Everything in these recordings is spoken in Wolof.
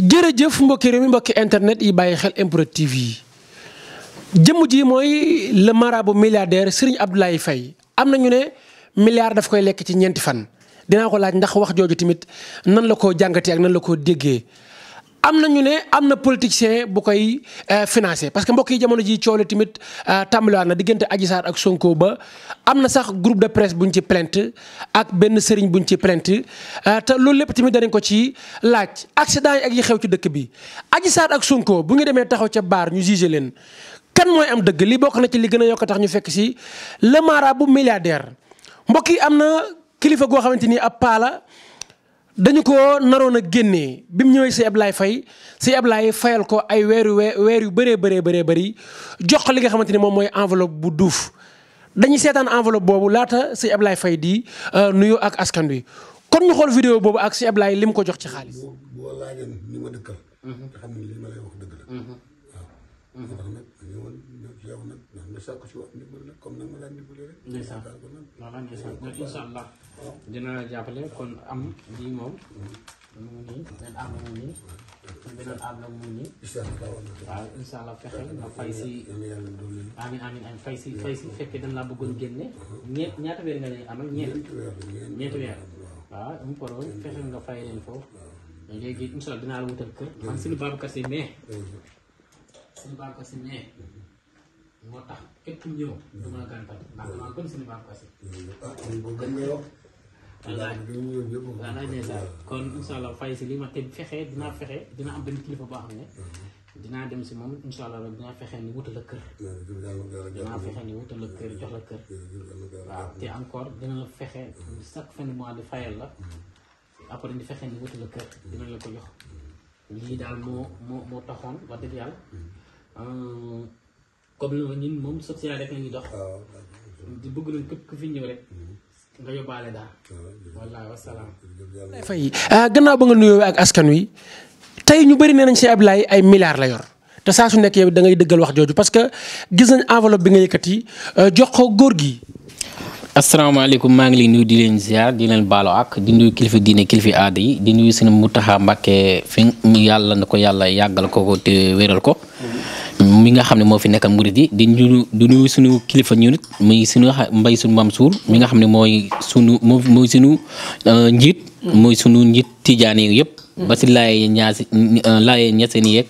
jërëjëf mbokki réew mi mbokki internet yi bàyyi xel MPROD yi jëmm ji mooy le marabout milliardaire Serigne Abdoulaye fay am na ñu ne milliard daf koy lekk ci ñeenti fan dinaa ko laaj ndax wax jooju tamit nan la ko jàngatee ak nan la ko déggee am na ñu ne am na politicien bu koy euh, financé parce que mbokk yi jamono ji coole tamit euh, tàmbaliwaat na diggante Adji ak Sonko ba am na sax groupe de presse buñ ci plainte ak benn sëriñ buñ ci plainte euh, te loolu lépp tamit darañ ko ci laaj accident yi ak yi xew ci dëkk bi Adji Sarr ak Sonko bu ñu demee taxaw ca baar ñu jugé leen kan mooy am dëgg li bokk na ci li gën a yokk tax ñu fekk si le marabout milliardaire mbokk yi am na kilifa goo xamante ni ab paala dañu ko naroon a génnee bi mu ñëwee si Ablaye Faye si Ablaye fayal ko ay weer yu weer yu bëree bëree bëree bëri jox li nga xamante ni moom mooy enveloppe bu duuf dañuy seetaan enveloppe boobu laata si Ablaye fay di euh, nuyoo ak askan wi kon ñu xool vidéo boobu ak si Ablaye li mu ko jox ci xaalis. Mm-hmm. ndax nag dañu woon yow nag ndax nga sàkk si wax ndimbal nag comme nag ma daan dimbalee rek. ndeysaan voilà ndeysaan kon incha allah dina la jàppale kon am lii moom. Mm-hmm. mu ngi nii benn àll mu ngi nii beneen àll mu ngi nii waaw incha allah fexe nga fay si amin amin amin fay si fay si fekkee dañ laa bëggoon génne ñeent ñaata weer nga leen amal ñeent ñeenti weer waaw am poroon fexe nga fay leen foofu léegi incha allah dinaa la wutal kër man suñu Babacar Si mais suñu baal ko si mais moo tax ekk ñëw du mën a gàntal ndax damaa gën suñu baal ko si. voilà voilà kon incha allah fay si li ma te fexe dinaa fexe dina am benn kilifa boo ne dinaa dem si moom incha allah dinaa fexee ni wutal la kër dinaa fexe ni wutal la kër jox la kër waaw te encore dina la fexe chaque fin de mois di fayal la après di fexe ni wutal la kër dina la ko jox lii daal moo moo moo taxoon wax dëgg yàlla Euh, comme noonu ñun moom social rek la ñuy dox. Ah, di bëgg nañ képp ku mm-hmm. ah, ah, gannaaw ba nga nuyoo ak askan wi tey ñu bëri nee nañ Cheikh Abdoulaye ay milliards la yor te saa su nekkee yow da ngay dëggal wax jooju parce que gis nañ enveloppe bi nga yëkkati euh, jox ko góor gi. asalaamaaleykum maa ngi lay nuyu di leen ziar dina leen baalo ak di nuyu kilifa diine kilifa aada yi di nuyu seen Muntaxa Mbàkke fi yàlla na ko yàlla yàggal ko te wéral ko mi nga xam ne moo fi nekkal murid yi di nuyu di nuyu suñu kilifa ñun it muy suñu mbay suñu Mansuur mi nga xam ne mooy sunu moo mooy sunu euh, njiit mooy sunu njiit tijaan yi yëpp mm. ba si laaye ñaasi laaye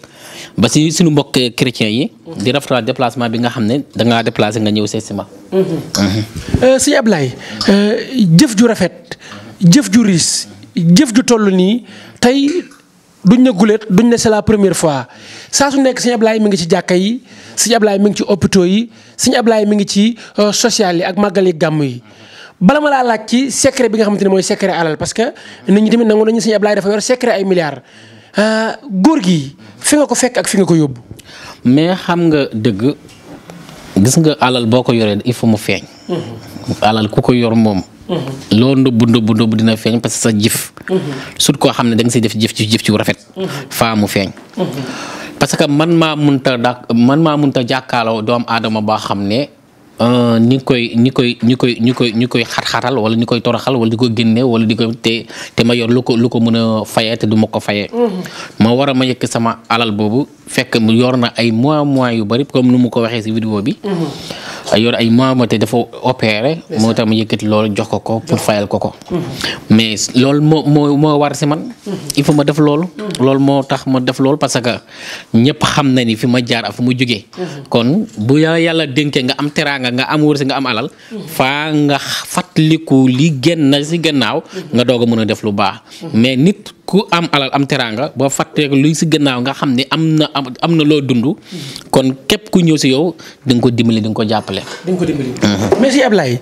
ba si suñu mbokk chrétiens yi. di rafetlu déplacement bi nga xam ne da ngaa déplacé nga ñëw seet si ma. Euh, sëñ Ablaye euh, jëf ju rafet jëf ju riis jëf ju toll nii tey duñ ne guléet duñ ne c'est la première fois saa su nekk sëñ Ablaye mi ngi ci jàkka yi sëñ Ablaye mi ngi ci hôpitaux yi sëñ Ablaye mi ngi ci euh, social yi ak màggal yi gàmm yi. bala ma laa laaj ci secret bi nga xamante ne mooy secret alal parce que ñu ñi tamit nangu nañu sëñ Ablaye dafa yor secret ay milliards. Euh, góor gi fi nga ko fekk ak fi nga ko yóbbu. mais xam nga dëgg gis nga alal boo ko yoree il faut mu feeñ. Mhm. alal ku ko yor moom. Mhm. loo ndëbbu ndëbbu ndëbbu dina feeñ parce sa jëf. Mhm. sut koo xam ne da nga def jëf ci jëf ci rafet. faa mu feeñ. parce man maa munta dak man maa munta jàkkaaloo doom aadama baa xam ne. Euh, ñi koy ñi koy ñi koy ñi koy ñi koy xat-xatal wala ñi koy toroxal wala di ko génne wala di ko te te ma yor lu ko lu ko mën a te du ko fayee. Mm-hmm. ma war a ma yëkk sama alal boobu fekk mu yor na ay mois mois yu bari comme nu mu ko waxee si vidéo bi. Mm-hmm. yor ay membres te dafa opéré. moo tax ma yëkkati lool jox ko ko pour fayal ko ko. Mm-hmm. mais lool moo moo moo war si man. Mm-hmm. il faut ma def lool mm-hmm. loolu moo tax ma def loolu parce que ñëpp xam na ni fi ma jaar ak fu mu jugee. kon bu yàlla dénkee nga am teraanga nga am wërsëg nga am alal. faa nga fàttaliku li génn si gannaaw. nga doog mën a def lu baax mais nit. ku am alal am teraanga ba fàttee luy si gannaaw nga xam ne am na am na loo dund. kon képp ku ñëw si yow di ko dimbali di ko jàppale. di nga ko dimbali. Uh-huh. mais si Ablaye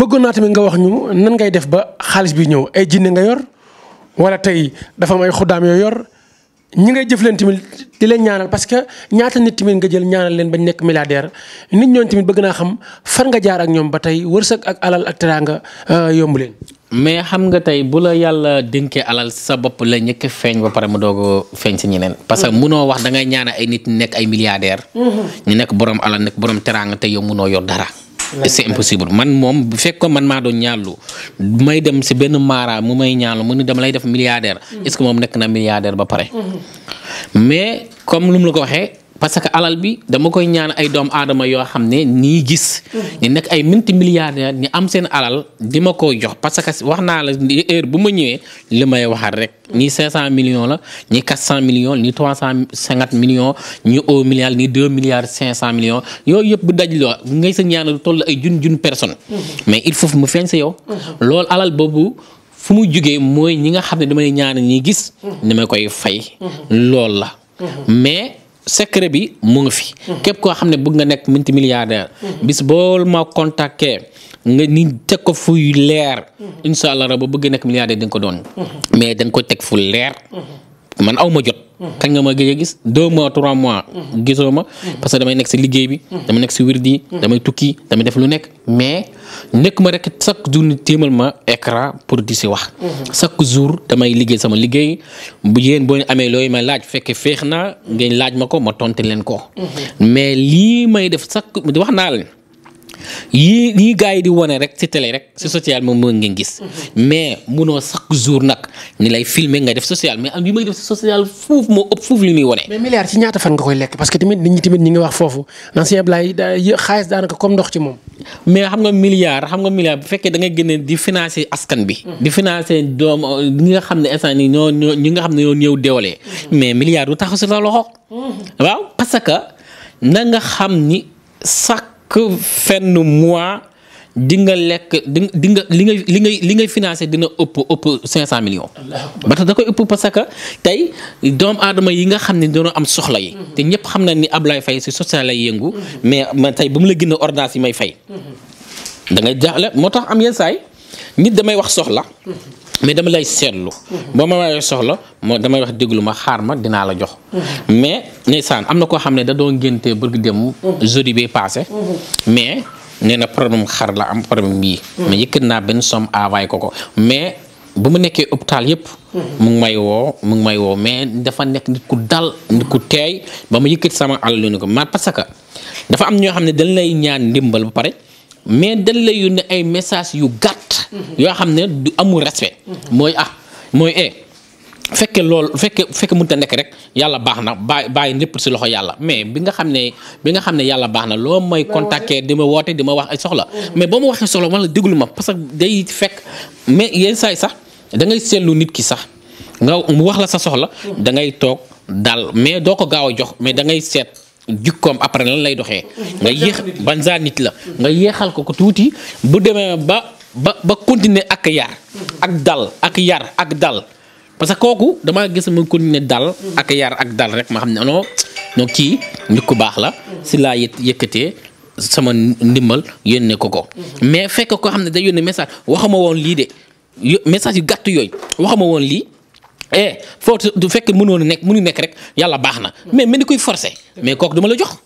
bëggoon naa tamit nga wax ñu nan ngay def ba xaalis bi ñëw ay jinne nga yor wala tey dafa am ay xuddaam yoo yor. ñi ngay jëf leen tamit di leen ñaanal parce que ñaata nit tamit nga jël ñaanal leen bañ nekk milliardaire nit ñooñu tamit bëgg naa xam fan nga jaar ak ñoom ba tey wërsëg ak alal ak teraanga euh, yomb leen. mais xam nga tey bu la yàlla dénkee alal sa bopp la ñëkk feeñ ba pare mu doog a feeñ si ñeneen. parce que munoo wax da ngay ñaanal ay nit nekk ay milliardaire mm-hmm. ñu nekk borom alal nekk borom teraanga tey yow munoo yor dara. c'est impossible man moom bu fekkoon man maa doon ñaalu may dem si benn maara mu may ñaalu mu ni dama lay def milliardaire. est-ce que moom nekk na milliardaire ba pare. Mm-hmm. mais comme lu ko waxee. parce que alal bi dama koy ñaan ay doom aadama yoo xam ne nii gis. ñu nekk ay minti milliardaires ñu am seen alal di ma ko jox parce que wax naa la ni heure bu ma ñëwee li may waxaat rek. nii 500 millions la ñii 400 millions nii 350 millions ñii au milliard nii 2 milliards 500 millions yooyu yëpp bu daj loo ngay sa ñaan lu toll ay jun jun personne. mais il faut mu feeñ sa yow. loolu alal boobu. fu mu jugee mooy ñi nga xam ne damay ñaan ñi gis. ni ma koy fay. loolu la mais. secret bi mu ngi fi. Mhm. képp koo xam ne bëgg nga nekk minti milliardaire. Mhm. bis boo ma contacter nga ni teg ko fuy leer. Mhm. incha allah rab ba bëgg nekk milliardaire di ko doon. mais da ko teg fu leer. man aw ma jot. kañ nga ma gëj a gis deux mois trois mois. gisoo ma parce que damay nekk si liggéey bi. damay nekk si wirdi damay tukki damay def lu nekk mais nekk ma rek chaque jour ñu téemal ma écran pour di si wax. chaque jour damay liggéey sama liggéey bu yéen boo amee looy ma laaj fekke feex naa ngeen laaj ma ko ma tonte leen ko. mais lii may def chaque wax naa leen yii lii gars yi di wane rek ci télé rek ci social moom moo ngeen gis mais munoo chaque jour nag ni lay filmer nga def social mais am yu may def ci social foofu moo ëpp foofu li muy wane. mais milliard ci ñaata fan nga koy lekk parce que tamit ñi nga xam ne instant yii ñoo ñoo ñi nga ñoo ñëw mais milliard du taxaw ci la loxo. Mm-hmm. waaw parce que na xam ni chaque fenn mois di nga lekk di di nga li nga li ngay li ngay financé dina ëpp ëpp 500 millions. ba tax da koy ëpp parce que tey doom aadama yi nga xam ne dañoo am soxla yi. te ñëpp xam na ni ab Ablaye fay si social lay yëngu. mais ma tey ba mu la gën a yi may fay. da ngay jaaxle moo tax am yenn saay nit damay wax soxla. mais dama lay seetlu. boo ma waxee soxla moo damay wax déglu ma xaar ma dinaa la jox. mais ndeysaan am na koo xam ne da doon ngénte bëgg dem. jeudi bi paase. mais nee na problème xar la am problème bii. mais yëkkat naa benn somme envoyé ko ko mais bu mu nekkee hôpital yëpp. mu ngi may woo mu ngi may woo mais dafa nekk nit ku dal nit ku teey ba mu yëkkat sama alal ni ko ma parce que dafa am ñoo xam ne dañ lay ñaan ndimbal ba pare. mais dañ lay ne ay message yu gàtt. yoo xam ne du amul respect. mooy ah mooy eh fekke loolu fekke fekke mun a nekk rek yàlla baax na bàyyi bàyyi lépp si loxo yàlla mais bi nga xam ne bi nga xam ne yàlla baax na loo may contacter di ma woote di ma wax ay soxla. Mhm. mais ba ma waxee soxla wala déglu ma parce que day fekk mais yenn saa sax da ngay seetlu nit ki sax nga mu wax la sa soxla. Mhm. da ngay toog dal mais doo ko gaaw a jox mais da ngay seet. jikkoom après lan lay doxee. nga yéex ban saa nit la. nga yéexal ko ko tuuti bu demee ba ba ba continuer ak yar. ak dal ak yar ak dal parce que kooku damaa gis mu continuer dal. ak yar ak dal rek ma xam ne non non kii nit ku baax la. si laa yëkkatee sama ndimbal yónnee ko ko. mais fekk ko xam ne day yónnee message waxuma woon lii de message yu gàtt yooyu waxuma woon lii. eh foo du fekk mënoon nekk mënu nekk rek yàlla baax na mm. mais mel ni koy forcer mais kooku duma la jox.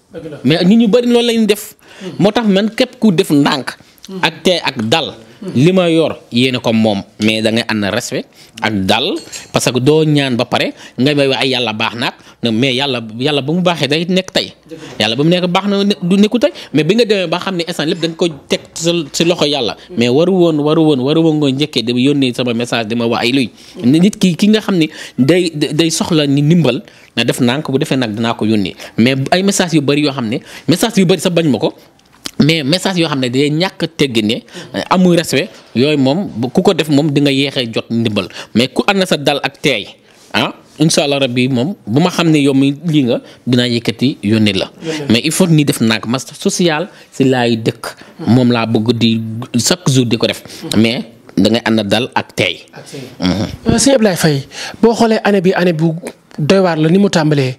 mais nit ñu bëri loolu la ñu def. Mm. moo tax man képp ku def ndànk. Mm. ak tey ak dal. li ma yor yéene ko moom mais da ngay na respect ak dal parce que doo ñaan ba pare nga may wax ay yàlla baax naag mais yàlla yàlla ba mu baaxee day nekk tey. yàlla ba mu nekk baax na du nekku tey mais bi nga demee ba xam ne instant lépp da ko teg sa si loxo yàlla. mais waru woon woon waru woon nga njëkkee di yónnee sama message di ma wax ay luy. ki nga xam ne day day soxla ni ndimbal na def naa ko bu defee nag dinaa ko yónnee mais ay message yu bari yoo xam ne message yu bari sa bañ ma ko mais message yoo xam ne day ñàkk teggi ne euh, amul respect yooyu moom ku ko def moom di nga yéexee jot ndimbal mais ku ànd sa dal ak teey ah incha allah rabbi moom bu ma xam ne yow la mais il faut ni def naag mas social si laay dëkk moom laa bëgg di chaque da ngay ànd dal ak teey mhm. euh, sëñ Ablaye Faye boo xoolee année bi année bu doy waar la ni mu tàmbalee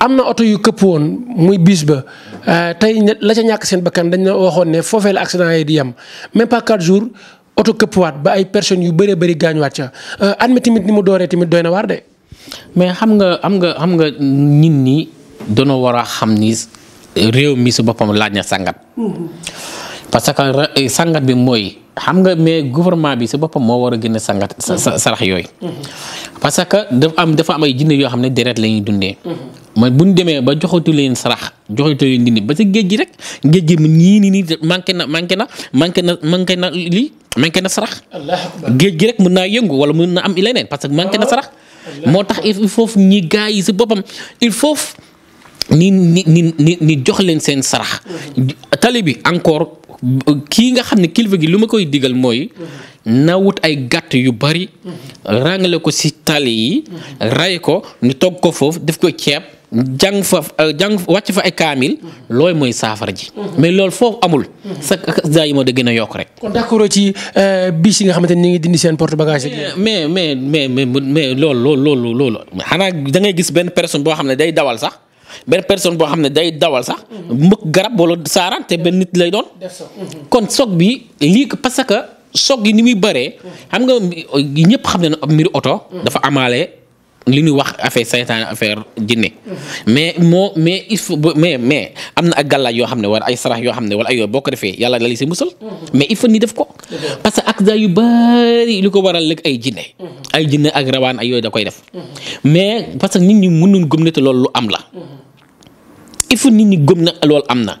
am na oto yu këpp woon muy bis ba Euh, tey la ca ñàkk seen bakkan dañ na waxoon ne foofee la accident yi di yem mais pas 4 jours oto këppwaat ba ay personnes yu bëree bëri gaañuwaat ca euh, am mi tamit ni mu dooree tamit doy na waar mais xam nga xam nga xam nga nit ñi dañoo war a xam ni réew mi su boppam laaj sangat. Mm-hmm. parce que eh, sangat bi mooy xam nga mais gouvernement bi su boppam moo war a gën a sangat sarax yooyu. Mm-hmm. parce que dafa am am ay jinne yoo xam ne deret lañuy dundee. Mm-hmm. man bu ñu demee ba joxatu leen sarax joxatu leen dindi ba ci géej gi rek géej gi mu nii nii nii manqué na manqué na manqué na manqué na lii manqué na sarax. géej gi rek mën naa yëngu wala mën na am leneen parce que manqué na sarax. moo tax il foofu ñi gaa yi si boppam il faut ni ni jox leen seen sarax. tali bi encore kii nga xam ne kilifa gi lu ma koy digal mooy. na wut ay gàtt yu bari. ràngale ko si tali yi. ray ko ñu togg ko foofu def ko ceeb. jàng fa euh, jàng wàcc fa ay kaamil looy mooy saafara ji. mais loolu foofu amul. sa xasida yi ma da gën a yokk rek. kon d'accord ci euh, bis yi nga xamante ni ñu ngi dindi seen porte bagage. mais mais mais mais mais loolu loolu loolu loolu xanaa da ngay gis benn personne boo xam ne day dawal sax. benn personne boo xam ne day dawal sax mbëkk garab wala saaraan benn nit lay doon kon soog bi lii parce que soog yi ni muy bëree xam nga ñëpp xam ne ne mbiru oto dafa amaale li ñuy wax affaire saytaan affaire jinne mais moo mais il mais mais am na ak gàllaaj yoo xam ne wala ay sarax yoo xam ne wala ay yooyu boo ko defee yàlla la li si musal mais il faut ni def ko parce que accident yu bari li ko waral lëg ay jinne ay jinne ak rawaan ay yooyu da koy def mais parce que nit ñu mënuñ gëm ne loolu lu am la il faut nit ñi gëm na loolu am na.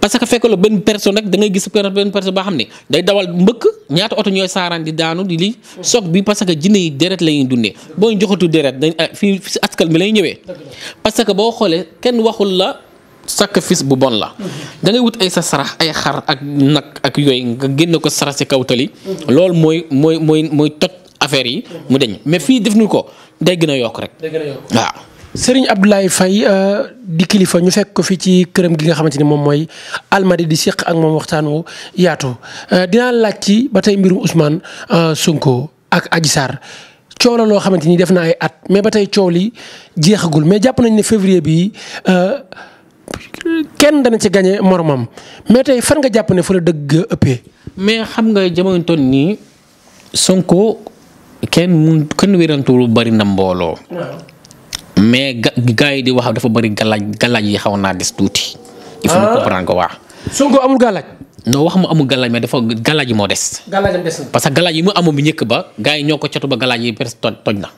parce fekk la benn personne rek da ngay gis benn personne boo xam ne day dawal mbëkk ñaata oto ñooy saaraan di daanu di li soog bi parce que jinne yi deret la ñuy dundee boo ñu joxatu deret dañ ah, fii si askan bi lay ñëwee. parce que boo xoolee kenn waxul la sacrifice bu bon la. da ngay wut ay sa sarax ay xar ak nag ak yooyu nga génn ko sarax si kaw tali. loolu mooy mooy mooy mooy toj affaire yi. mu deñ mais fii def nu ko day gën a yokk rek. Serigne Abdoulaye Faye euh, di kilifa ñu fekk ko fi ci këram gi nga xamante ni moom mooy almadi di seq ak moom waxtaan wu yaatu euh, dinaa laaj ci ba tey mbirum Ousmane euh, Sonko ak Adji Sarr coow loo xamante ni def na ay at mais ba tey coow li jeexagul mais jàpp nañ ne février bi kenn dana ci gañe moromam mais tey fan nga jàpp ne fa la dëgg ëppee. mais xam nga jamono toll nii Sonko kenn mun kenn wérantu lu bari na mbooloo. mais ga gars yi di wax dafa bëri galaaj galaaj yi xaw naa des tuuti. il faut ah. ñu comprendre ko waa. Sonko amul galaaj. non wax mu amul galaaj mais dafa galaaj yi moo des. galaajam parce que galaaj yi mu amoon bu njëkk ba gars yi ñoo ko catu ba galaaj yi presque toj toj na.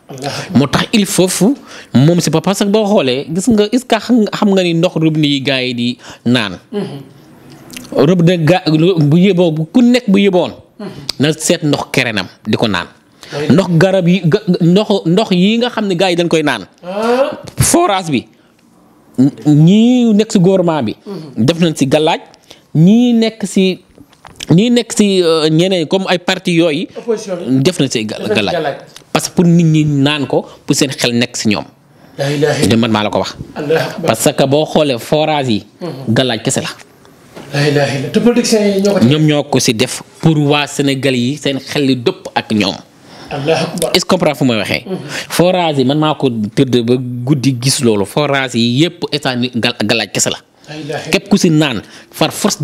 moo tax il faut moom si ba parce que boo xoolee gis nga est-ce xam nga ni ndox robinet yi gars di naan. Mm-hmm. robinet ga bu yëboo ku nekk bu yëboon. na seet ndox kerenam di ko naan. ndox garab yi ndox ndox yi nga xam ne gars yi dañ koy naan. Ah. forage bi ñii nekk si gouvernement bi. Mm-hmm. def nañ si gallaaj ñii nekk si ñii nekk si euh, ñeneen comme ay parti yooyu. def na si galaaj parce que pour nit ñi naan ko pour seen xel nekk si ñoom. de maa la ko wax. parce que boo xoolee forage yi. Mm-hmm. gallaaj kese la. te ñoom ñoo ko si def pour waa Sénégal yi seen xel li dëpp ak ñoom. est-ce fu may waxee. forage yi man maa ko tëdd ba guddi gis loolu forage yi yëpp état galaaj kese la. képp ku si naan far force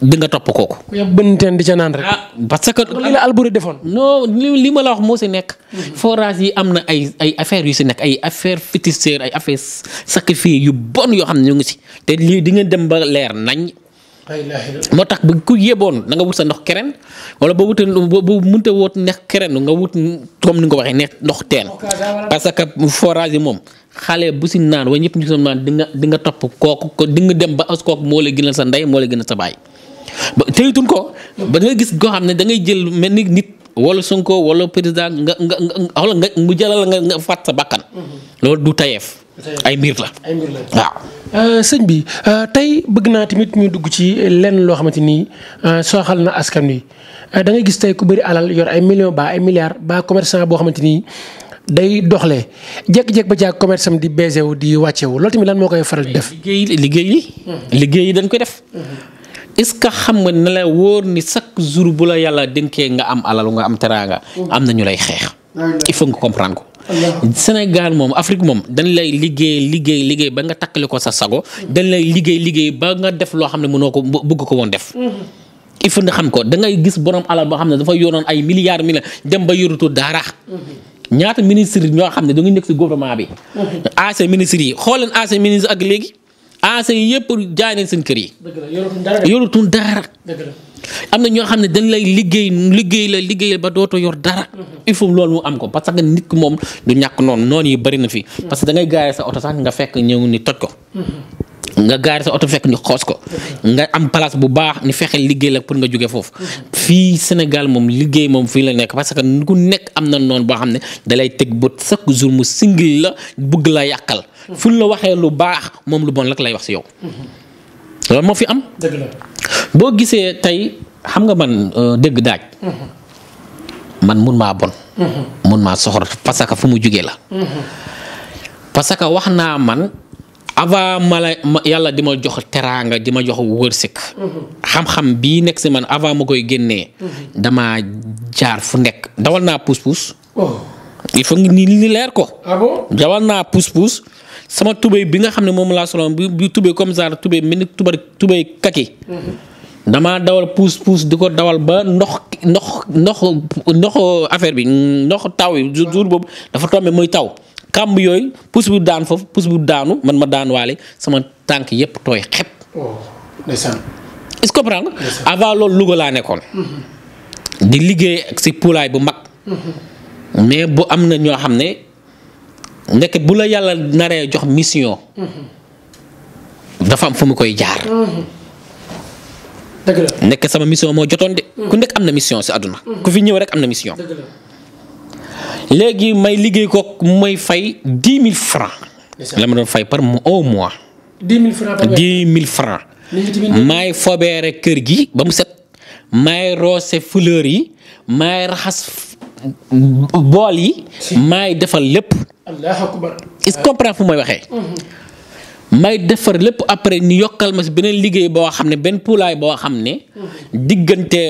di nga topp kooku. ku yab bënteen ca naan ah, parce que. li la Alboury defoon. non li ma la wax moo si nekk. forage yi am na ay ay affaires yu si nekk ay affaires féticheurs ay affaires sacrifices yu bon yoo xam ne ñu ngi si te lii di nga dem ba leer nañ. moo tax ba ku yeboon da nga wut sa ndox kereen wala boo wutee boo mënta woot neex kereen nga wut comme ni nga ko waxee ndox teen parce que forage yi moom xale bu si naan waaye ñëpp ñu si naan di nga di nga topp kooku ko di nga dem ba as kooku moo la gënal sa ndey moo la gënal sa baay. ba teyituñ ko ba da nga gis goo xam ne da ngay jël mel ni nit wala Sonko wala président nga nga nga xoolal nga mu jëlal nga nga fàtt sa bakkan. Mhm. loolu du tayeef. ay mbir la ay mbir la waaw. Euh, sëñ bi euh, tey bëgg naa tamit ñu dugg ci lenn loo xamante ni euh, soxal na askan wi da ngay gis tey ku bëri alal yor ay million ba ay milliards ba commerçant boo xamante ni day doxle jékki-jékki ba caa commerce di baissé wu di wàcce loolu tamit lan moo koy faral di def. liggéey liggéey li hmm. liggéey yi dañ koy def. Hmm. est-ce que xam nga ne la wóor ni chaque jour bu la yàlla dénkee nga am alal nga am teraanga. Hmm. am na ñu lay xeex. il faut nga comprendre ko. Sénégal moom Afrique moom dañ lay liggéey liggéey liggéey ba nga takkale ko sa sago dañ lay liggéey liggéey ba nga loo xam ne mënoo ko bëgg ko woon def mm-hmm. il faut nga ko da ngay gis borom alal boo xam ne dafa yoonoon ay milliards milliards dem ba yorutu dara mm-hmm. ñaata ministre ñoo xam ne da nekk si gouvernement bi mm-hmm. ac ministre yi xooleen ac ministre ak léegi ac yëpp jaay nañ seen kër yi yorutuñ dara am na ñoo xam ne dañ liggéey liggéey la liggéey ba dootoo yor dara. il faut loolu mu am ko parce que nit ki moom du ñàkk noon noonu yi bëri na fi. parce que da ngay sa oto sax nga fekk ñëw ni toj ko. nga gaari sa oto fekk ñu xoos ko nga am place bu baax ni fexe liggéey la pour nga jóge foofu fii Sénégal moom liggéey moom fii la nekk parce que ku nekk am na noon boo xam ne dalay teg bët chaque jour mu singil la bëgg la yàqal fu la waxee lu baax moom lu bon rek lay wax si yow boo gisee tey xam nga man euh, dégg daaj. Mm-hmm. man mun maa bon. Mm-hmm. mun maa soxor parce que fu mu jugee la. Mm-hmm. parce que wax naa man avant ma la yàlla di ma jox teraanga di ma jox wërsëg. xam-xam bii nekk si man avant ma koy génnee. dama jaar fu nekk dawal naa puus-puus. Oh. il faut ni ni leer ko. ah bon dawal naa puus-puus sama tubéy bi nga xam ne moom laa soloon bi bi comme ça tubéy mel ni tubéy kaki. damaa dawal puus puus di ko dawal ba ndox ndox ndox ndox affaire bi ndox taw yi jour boobu dafa tombé muy taw kàmb yooyu puus bu daan foofu puus bu daanu man ma daan waale sama tànk yépp tooy xep. Oh, ndeysaan. est avant loolu Louga laa nekkoon. Mm-hmm. di liggéey ak si poulaay bu mag. Mm-hmm. mais bu am na ñoo xam ne nekk bu la yàlla naree jox mission. Mm-hmm. dafa am fu mu koy jaar. nekk sama mission moo jotoon de. ku nekk am na mission si àdduna. Mm. ku fi ñëw rek am na mission. léegi may liggéey ko may fay dix mille francs. la ma doon fay par mu au mois. dix mille francs par dix mille francs. maay fobeere kër gi ba mu set. maay roose fleur yi. maay raxas bool yi. maay defal lépp. allah is comprend fu may waxee. Mm-hmm. may defar lépp après ni yokkal ma si beneen liggéey boo xam ne benn poulaay boo xam ne diggante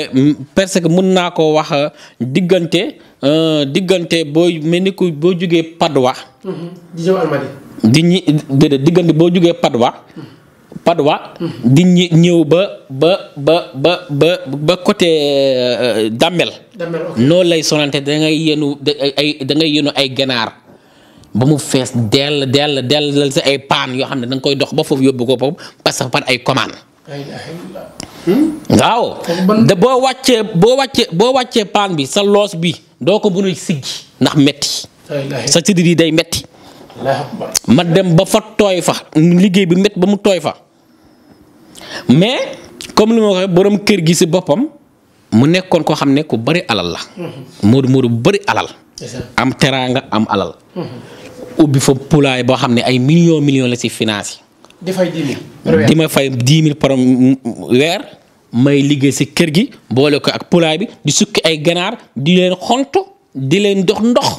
perce que mun naa koo wax diggante euh, diggante boo mel ni ku boo jógee Padoa. Mm-hmm. di ñëw Almadi. di ñi déedéet diggante boo di ñi ñëw ba ba ba ba ba ba côté euh, Damel. Damel ok noonu lay sonante da ngay yenu ay da ngay yenu ay ganaar. ba mu fees dell dell dell si ay paan yoo xam ne da nga koy dox ba foofu yóbbu ko foofu parce que par ay commande waaw da boo wàccee boo wàccee boo wàccee paan bi sa loos bi doo ko mën a siggi ndax metti sa sidit yi day metti ma dem ba fa tooy fa liggéey bi métt ba mu tooy fa mais comme li ma waxee borom kër gi si boppam mu nekkoon koo xam ne ku bari alal la. Modou Modou bu bari alal. am teraanga am alal. Mm-hmm. ubbi fa poulailler boo xam ne ay millions millions la si finance di mm-hmm. di ma fay dix mill par weer may liggéey si kër gi boole ko ak poulailler bi di sukki ay ganaar di leen xont di leen dox ndox.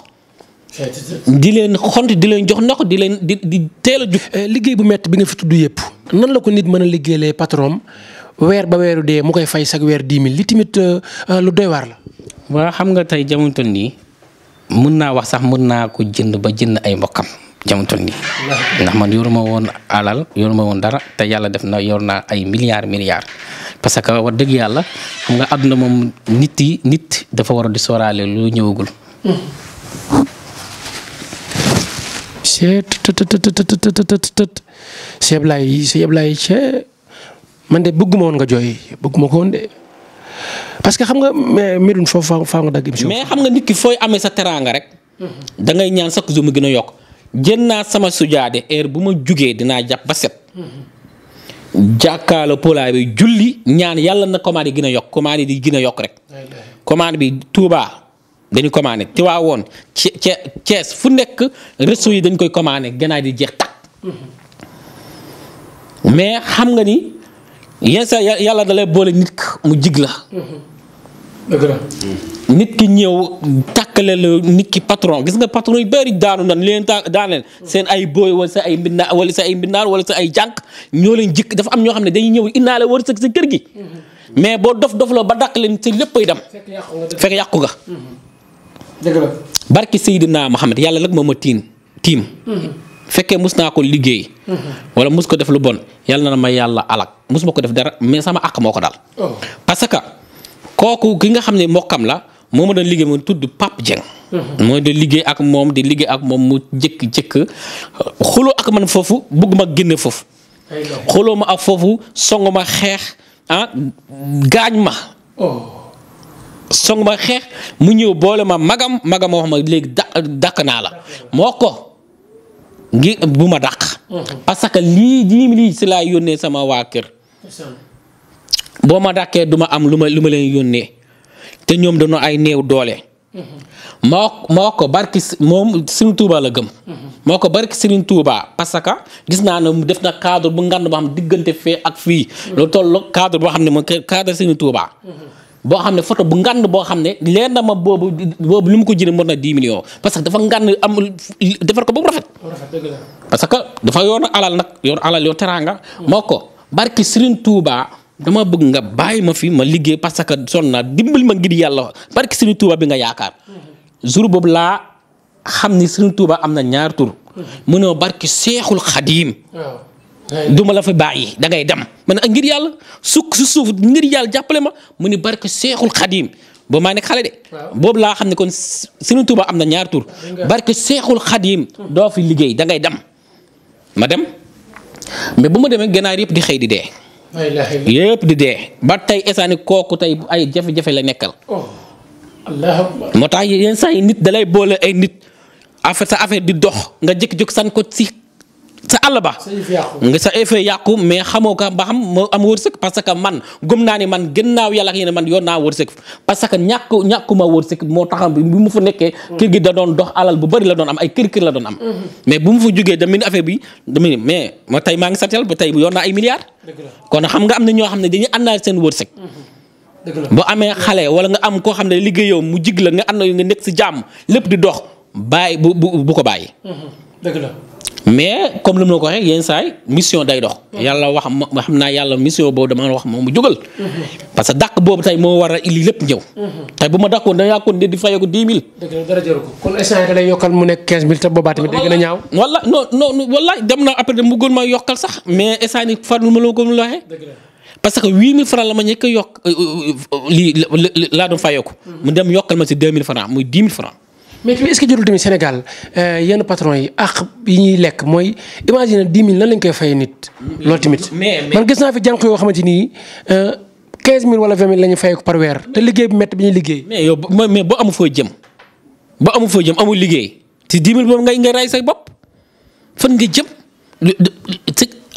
di leen xont di leen jox ndox di leen di di teel a jug. Eh, liggéey bu métti bi nga fi tudd yëpp. nan la ko nit mën a liggéeyee patron weer ba weeru de mu koy fay sag weer dix mille li tamit euh, euh, lu doy war la. waa xam nga tey jamono nii mun naa wax sax mun naa ko jënd ba jënd ay mbokkam jamono nii ndax man yoruma woon alal yoruma woon dara te yàlla def na yor naa ay milliards milliards parce que wax dëgg yàlla xam nga àdduna moom nit yi nit dafa war a di sóoraale lu ñëwagul. Cheikh Ablaye Cheikh Ablaye man de bëgguma woon nga jooy bëgguma ko woon de. parce que xam nga Médoune foofu faaw nga dagg émission mais xam nga nit ki fooy amee sa teraanga rek. da ngay ñaan chaque jour mu gën a yokk jël naa sama sujaade heure bu ma jógee dinaa jàpp ba set. jàkkaarloo poolaay bi julli ñaan yàlla na commande yi gën a yokk commande di gën a yokk rek. commande bi Touba. dañu commandé te waa woon ci fu nekk réseau yi dañ koy commandé ganaar di jeex tàkk mhm. mais xam nga ni yenn saa yàlla da lay boole nit mu jig la. nit ki ñëw tàkkale la nit ki patron gis nga patron yu bari daanu nan leen taa daaneel seen ay booy wala sa ay mbinna wala sa ay mbinnaar wala sa ay jànq ñoo leen jikk dafa am ñoo xam ne dañuy ñëw indaale wërsëg sa kër gi. mais boo dof dof la ba dàq leen sa léppay dem. fekk yàqu nga. dëgg la. barki Seydina Mohamed yàlla nag moom ma tiim tiim. Mm-hmm. fekkee mus naa ko liggéey. wala mus ko def lu bon yàlla na ma yàlla alak mus ma ko def dara mais sama àq moo ko dal. Oh. parce que kooku ki nga xam ne mbokkam la moo ma doon liggéey mu tudd Pape Dieng. Mm-hmm. mooy di liggéey ak moom di liggéey ak mu jékki-jékki xuloo ak man foofu bëgg ma génne foofu. xuloo ma ak foofu song ma xeex ah gaañ ma. Oh. song ma xeex mu ñëw boole magam magam ma wax ma léegi dàq dàq naa la moo ko. ngi bu ma dàq. parce que lii lii lii si laa yónnee sama waa kër. boo ma dàqee duma am lu ma lu ma leen yónnee te ñoom dañoo ay néew doole. moo moo ko barki moom Serigne Touba la gëm. moo ko barki Serigne Touba parce que gis naa ne mu def na cadre bu ngand boo xam diggante fee ak fii. lu toll cadre boo xam ne moom cadre Serigne Touba. boo xam ne photo bu ngand boo xam ne leer na ma boobu boobu lu mu ko jëlee mën na 10 millions parce que dafa ngan am defar ko boobu rafet. parce que dafa yoon alal nag yoon alal yow teraanga. moo ko barki Serigne tuubaa dama bëgg nga bàyyi ma fi ma liggéey parce que sonn naa dimbali ma ngir yàlla barki Serigne Touba bi nga yaakaar. jour boobu laa xam ni Serigne tuubaa am na ñaar tur. mënoo hmm. barki Seexul Xadiim. du ma la fa bàyyi da ngay dem ma ak ngir yàlla sukk si suuf ngir yàlla jàppale ma mu ni barke seexul xadiim ba ma nekk xale de. boobu laa xam ne kon Sëriñ Tuuba am na ñaar tur. barke seexul xadiim doo fi liggéey da ngay dem ma dem bu ma demee ganaar yëpp di xëy di dee. yëpp di dee ba tey kooku tey ay jafe-jafe la nekkal. Oh, moo tax yenn saa nit dalay boole ay nit affaire sa affaire di dox nga jékki-jékki san ko si sa àll ba nga sa effet yàqu mais xamoo ko ba xam moo am wërsëg parce que man gëm naa ni man gënnaaw yàlla ak yéen man yoon naa wërsëg parce que ñàkkuma wërsëg moo taxam bi mu fa nekkee mm. kër gi da dox alal bu bëri la doon am ay kër kër la doon am mm-hmm. mais bu mu fa jógee da mel am na ñoo xam ne dañuy àndaal seen mm-hmm. nga am koo xam ne liggéeyoo mu jig la nga ànd nga nekk si jàmm lépp di dox bàyyi bu bu ko bàyyi mm-hmm. mais comme lu ma ko waxee yenn saay mission day dox. yàlla wax ma xam naa yàlla mission boobu dama wax moom mu jógal. parce que dàq boobu tey moo a ili ma dàqoon da ngaa ko di fayee ko 10 000. dëgg la dara jaru ko kon instant yii da lay yokkal mu nekk 15 000 te boobaa tamit day ma yokkal la a waxee. parce que a yokk euh, euh, euh, lii laa doon fayeeku mu dem yokkal ma si 2000 francs muy 10 000 francs mais tamit est-ce que jotul tamit Sénégal euh, yenn patron yi ak yi ñuy lekk mooy imagine dix mille nan lañ koy fay nit. loolu tamit man gis naa fi jànq yoo xamante ni 15000 euh, wala 20000 la ñu fay ko par weer te liggéey bu métti bi ñuy liggéey. mais yow mais boo amu foo jëm boo amu foo jëm amul liggéey ci 10000 boobu ngay ngay raay say bopp fan nga jëm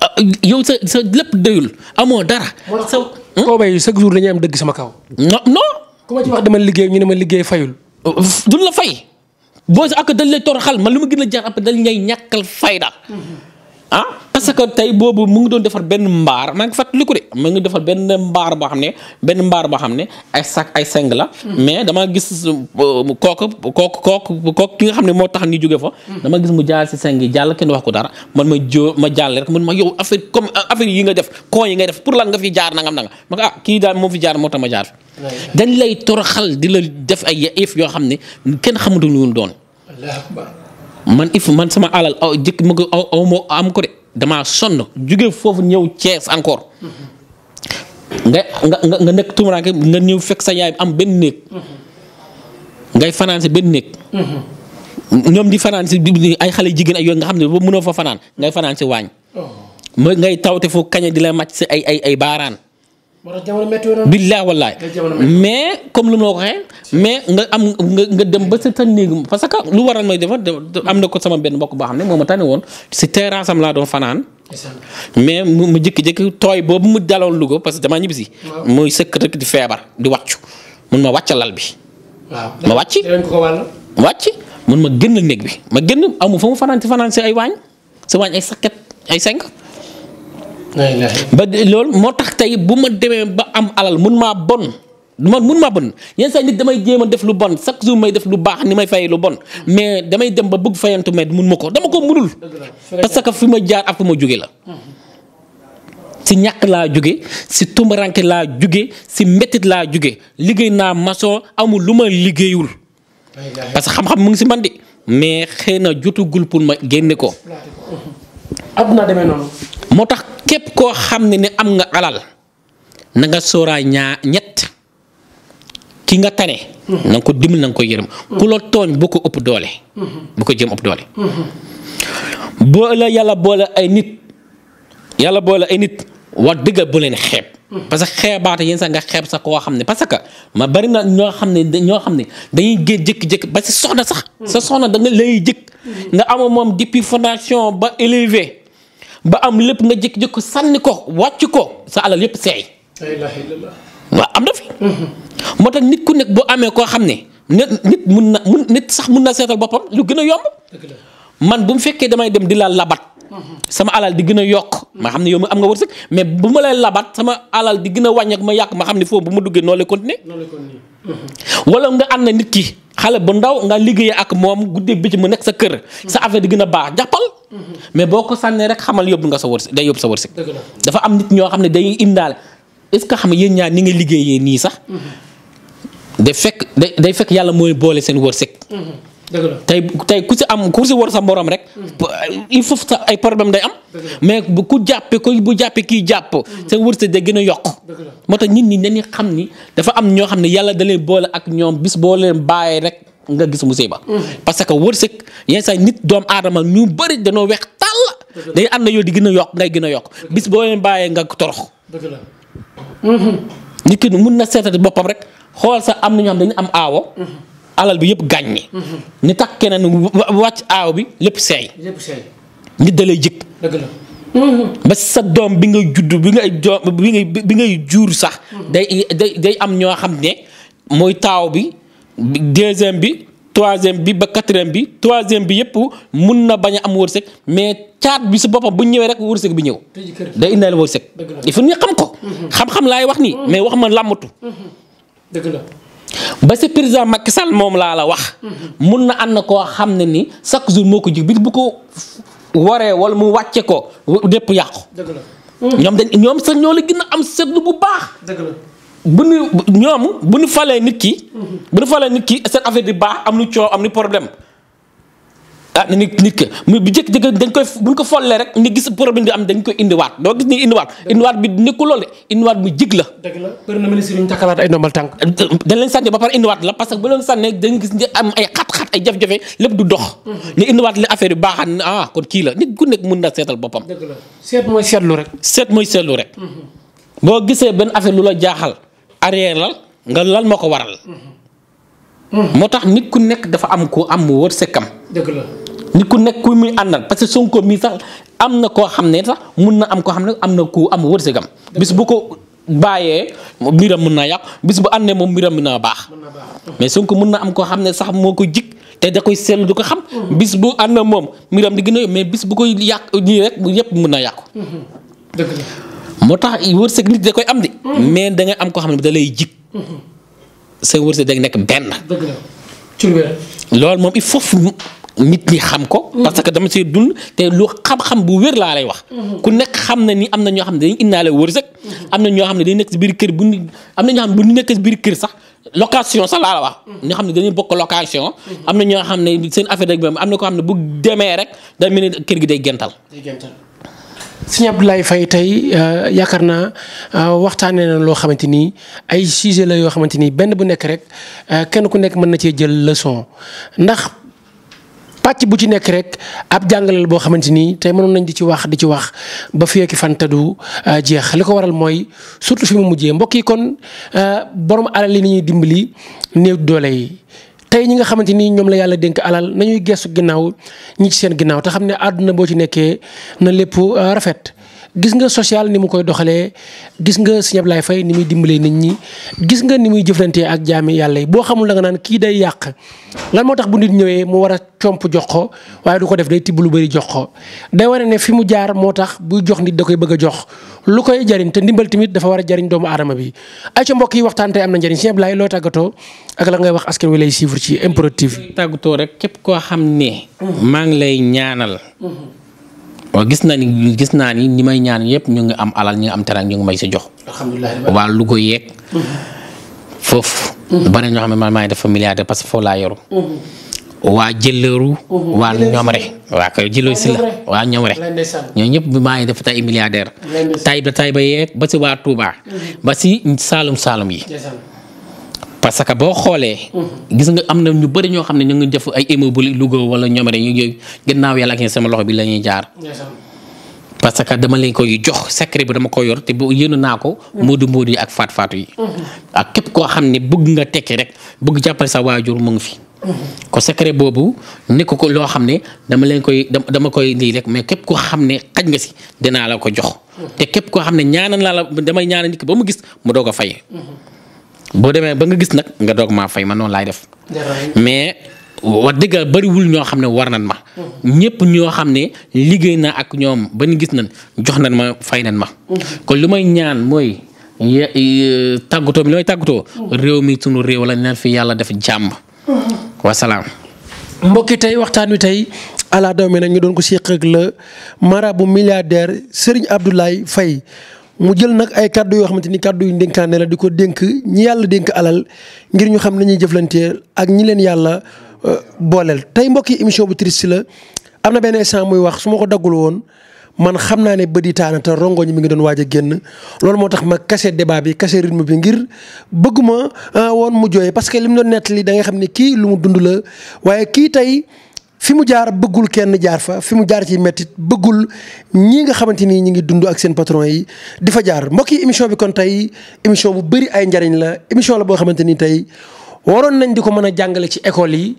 ah, yow sa sa lépp doyul amoo dara. sa koobay yi chaque jour dañuy am dëgg sama kaw. non non. ku ma ci wax dama liggéey ñu ne ma liggéey fayul. duñ la fay. boo si ak dañ lay toroxal man lu ma gën a jaar après dañ lay ñàkkal fayda ah parce que tey boobu mu ngi doon defar benn mbaar maa ngi fàttaliku de mu ngi defar benn mbaar boo xam ne benn mbaar boo xam ne ay sac ay seng la. Hmm. mais dama gis euh, kooku kooku kooku kooku ki nga xam ne moo tax ni jóge fa. Hmm. dama gis mu jaar si seng yi jàll kenn wax ko dara man ma jo ma jàll rek man ma yow affaire comme euh, affaire yi nga def coin yi nga def pour lan nga fi jaar nangam nangam ma ah kii daal moo fi jaar moo tax ma jaar fi. dañ lay toroxal di la def ay yëf yoo xam ne kenn xamutuñu woon doon. man if man sama alal aw jëkk ma ko aw ma am ko de damaa sonn jóge foofu ñëw Thiès encore. nga nekk tumuraanke nga ñëw fekk sa yaay am benn néeg. ngay fanaan si benn néeg. ñoom di fanaan si ay xale jigéen ak yooyu nga xam ne ba mënoo fa fanaan ngay fanaan si waañ. Oh. ma ngay tawte foofu kaña di la màcc si ay ay ay baaraan. billaa wallaay mais comme lu ma la ko waxee mais nga am nga nga dem ba sa tan néegu parce que lu waral may defa am na ko sama benn mbokk boo xam ne moo ma tane woon si terrasse am laa doon fanaan mais mu jëkki-jëkki tooy boobu mu daloon Louga parce que damaa ñibbisi muy sëkk rek di feebar di wàccu mun ma wàcc lal bi ma wàcc wàcc mun ma génn néeg bi ma génn amu fa mu fanaan si fanaan si ay waañ si waañ ay sakket ay senk ba loolu moo tax tey bu ma demee ba am alal mun maa bon. man mun maa bon yenn sax nit damay jéem a def lu bon chaque jour may def lu baax ni may fay lu bon mais damay dem ba bëgg fayantu mais mun ma ko dama ko munul. parce que fi ma jaar ak fi ma jóge la. si ñàkk laa jóge si tumbaranke laa jóge si mettit laa jóge liggéey naa maçon amul lu ma liggéeyul. parce que xam-xam mu ngi si man di mais xëy na jotugul pour ma génne ko. moo tax képp koo xam ne ne am nga alal na nga sóoraa ñaa ñett ki nga tane. Mm-hmm. na ko dimbali na nga ko yërëm. Mm-hmm. ku la tooñ bu ko ëpp doole. Mm-hmm. bu ko jëm ëpp doole. yàlla boole ay nit yàlla boole ay nit wax dëgg bu leen xeeb. parce que xeebaate yéen sax nga xeeb sax koo xam ne parce que ma bari na ñoo xam ne ñoo xam ne dañuy gën jékki-jékki ba si soxna sax. sa soxna da nga lay jëkk nga amoon moom depuis fondation ba élevé. ba am lépp nga jëkk jékki sànni ko wàcc ko sa alal yépp seey. waaw am na fi. Mhm. moo tax nit ku nekk boo amee koo xam ne nit mun na mun nit sax mun na seetal boppam lu gën a yomb. man bu mu fekkee damay dem di la labat. sama alal di gën a yokk ma xam ne yow am nga wërsëg mais bu ma lay labat sama alal di gën a wàññeeku ma yàq ma xam ne foofu bu ma duggee noo lay continuer mmh. wala nga ànd na nit ki xale bu ndaw nga liggéey ak moom guddee bëcc mu nekk sa kër mmh. sa affaire di gën a baax jàppal mmh. mais boo ko sànnee rek xamal yóbbu nga sa wërsëg day yóbbu sa wërsëg dafa am nit ñoo xam ne day indaale est ce que xam nga yéen ñaar ni nga liggéeyee nii sax day fekk day fekk yàlla mooy boole seen wërsëg tey tey ku si am ku si war sa morom rek. Hmm. il faut sa ay problème day am. mais bu ku jàppee ko bu jàppee kii jàpp. Hmm. sa wërsëg day gën a yokk. moo tax nit ñi dañuy xam ni dafa am ñoo xam ne yàlla da leen boole ak ñoom bis boo leen bàyyee rek nga gis musiba. Hmm. parce que wërsëg yenn saa nit doom aadama ñu bëri danoo weex tàll. dañuy ànd yow di gën a yokk ngay gën a yokk bis boo leen bàyyee nga torox. nit ki mun na seetati boppam rek xool sa am na ñoo xam dañu am aawo. alal bi yëpp gàññi mhm. ñu takk keneen wàcc aaw bi lépp seey nit da lay jëkk mhm. ba sa doom bi nga judd bi ngay doom bi ngay bi ngay juur sax mhm. day day am ñoo xam ne mooy taaw bi deuxième bi troisième bi ba quatrième bi troisième bi yëpp mun na bañ a am wërsëg mais caat bi si boppam bu ñëwee rek wërsëg bi ñëw day indaal wërsëg il faut ñu xam ko xam-xam laay wax nii mais wax ma làmmatu dëgg ba si président Macky Sall moom laa la wax. mun na am na koo xam ne ni chaque jour moo ko jig bi bu ko waree wala mu wàcce ko dépp yàqu. dëgg la ñoom da ñoom sax ñoo la gën a am seetlu bu baax. bu ñu ñoom bu nu falee nit ki. Mhm. bu ñu falee nit ki seen affaire di baax am nu coow am nu problème. ah nit nit ka mu bu jëkk ko follee rek nga gis problème bi am dañ koy indiwaat doo gis ni indiwaat indiwaat bi nekkul loolu de indiwaat mu jig la dëgg la premier ministre ñu takkalaat ay ndombal tànk eh, eh, dañ leen sànni ba la parce que bu leen sànnee da gis ni am ay xat-xat ay jafe-jafe lépp du dox ñu mm-hmm. indiwaat la affaire yu baaxaat ne ah kon kii la nit ku nekk mën na seetal boppam dëgg la seet mooy seetlu rek seet mooy seetlu rek mm-hmm. boo gisee benn affaire lu la jaaxal arrière lal nga lan moo ko waral mm-hmm. moo tax nit ku nekk dafa am ku am wër sekkam dëgg ni ku nekk ku muy àndal parce que Sonko mii sax am na koo xam ne sax mun na am koo xam ne am na ku am wërsëgam bis bu ko bàyyee mbiram mun naa yàqu bis bu àndee moom mbiram mun naa baax mais Sonko mun na am koo xam ne sax moo ko jig te da koy seetlu du ko xam bis bu ànd moom miiram di gën a mais bis bu ko yàq nii rek yëpp mun naa yàqu mm-hmm. dëgg la moo tax wërsëg nit da koy am di mm-hmm. mais da ngay am koo xam ne da lay jig mm-hmm. sa wërsëg da nekk benn dëgg moom il faut nit ñi xam ko. Mm-hmm. parce que dama see dund te lu xam-xam bu wér laa lay wax. Mm-hmm. ku nekk xam na ni am na ñoo xam ne dañuy indaale wërsëg. Mm-hmm. am na ñoo xam ne dañuy nekk si biir kër bu ñu am na ñoo xam ne bu nekk si biir kër sax location sax laa wax. ñoo xam ne dañuy bokk location. am na ñoo xam ne seen affaire rek am na koo xam ne bu demee rek day mel ni kër gi day gental. day gental. sëñ Abdoulaye Faye tey euh, yaakaar naa euh, waxtaanee na loo xamante ni ay sujet la yoo xamante ni benn bu nekk rek euh, kenn ku nekk mën na cee jël leçon ndax. pàcc bu ci nekk rek ab jàngaleel boo xamante ni tey mënoon nañ di ci wax di ci wax ba fi yekki fan tëdu euh, jeex li ko waral mooy surtout fi mu mujjee mbokk yi kon euh, borom alal yi ni ñuy dimbali néeg doole yi. tey ñi nga xamante ni ñoom la yàlla dénk alal nañuy gestu ginnaaw ñi ci seen ginnaaw te xam ne àdduna boo ci nekkee na lépp euh, rafet. gis nga social ni mu koy doxalee gis nga Sëñ fay ni muy dimbalee nit ñi gis nga ni muy jëflantee ak jaami yàlla yi boo xamul la nga naan kii day yàq lan moo tax bu nit ñëwee mu war a comp jox ko waaye du ko def day tibb lu bëri jox ko day wane ne fi mu jaar moo tax buy jox nit da koy bëgg a jox lu koy jariñ te ndimbal tamit dafa war a jariñ doomu aadama bi ay ca mbokk yi waxtaan am na njëriñ Sëñ Ablaye loo tàggatoo ak la ngay wax askan wi lay suivre ci MPROD TV tàggatoo rek képp koo xam ne maa ngi lay ñaanal waa gis naa ni gis naa ni ñi may ñaan yëpp ñu ngi am alal ñu ngi am teraan ñu ngi may si jox. alhamdulilah waa lu ko yeeg. Mm-hmm. foofu. Mm-hmm. bari ñoo xam ne man maa ngi def fa milliardaire parce que foofu laa yoru. Mm-hmm. waa jëllëru. waa ñoomre waa kay jëllëru si la waa ñoomre. ñoo ñëpp maa ngi def tay milliardaire. tay ba tay ba yeeg ba si waa Touba. ba si Saalum Saalum yi. parce que boo xoolee. gis nga am na ñu bari ñoo xam ne ñu ngi def ay immeuble Louga wala ñoom rek ñu ngi gannaaw yàlla ak sama loxo bi la ñuy jaar. parce que dama leen koy jox secret bi dama ko yor te bu yéenu naa ko. moodu moodu yi ak faat faatu yi. ak képp koo xam ne bëgg nga tekki rek bëgg jàppale sa waajur mu ngi fi. ko boobu nekk ko loo xam ne dama leen koy dama koy lii rek mais képp koo xam ne xaj nga si dinaa la ko jox. te koo xam ne ñaanal la damay ba mu gis mu doog a fay. boo demee ba nga gis nag nga doog maa fay man noonu laay def. mais wax dëgg bariwul ñoo xam ne war nan ma. Mm-hmm. ñëpp ñoo xam ne liggéey naa ak ñoom ba ñu gis nan jox nan ma fay nan ma. Mm-hmm. kon lu may ñaan mooy. tàggatoo bi li may tàggatoo. Mm-hmm. réew mi sunu réew la naan fi yàlla def jàmm. wasalaam. mbokki tey wi tey ala dawme nag ñu doon ko séq ak la marabu milliardaire Serigne Abdoulaye fay mu jël nag ay kàddu yoo xamante ni kàddu yu ndénkaane la di ko dénk ñi yàlla dénk alal ngir ñu xam nañuy jëflantee ak ñi leen yàlla euh, booleel tey mbokk yi émission bu triste la am na beneen instant muy wax su ma ko daggul woon man xam naa ne bëdi taana te rongoñ mi ngi doon waaj a génn loolu moo tax ma kase débat bi kase rythme bi ngir bëgguma euh, woon mu jooyee parce que li mu doon nettali da nga xam ne kii lu mu dund la waaye kii tey fi mu jaar bëggul kenn jaar fa fi mu jaar ci mettit bëggul ñi nga xamante ni ñi ngi dund ak seen patron yi di fa jaar mbokk yi émission bi kon tey émission bu bëri ay njariñ la émission la boo xamante ni tey waroon nañ di ko mën a jàngale ci école yi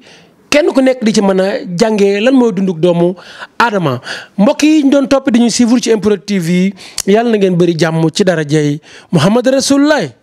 kenn ku nekk di ci mën a jàngee lan mooy dunduk doomu aadama mbokk yi ñu doon topp di ñu suivre ci MPROD yi yàlla na ngeen bëri jàmm ci dara jey Muhammad Rasulullah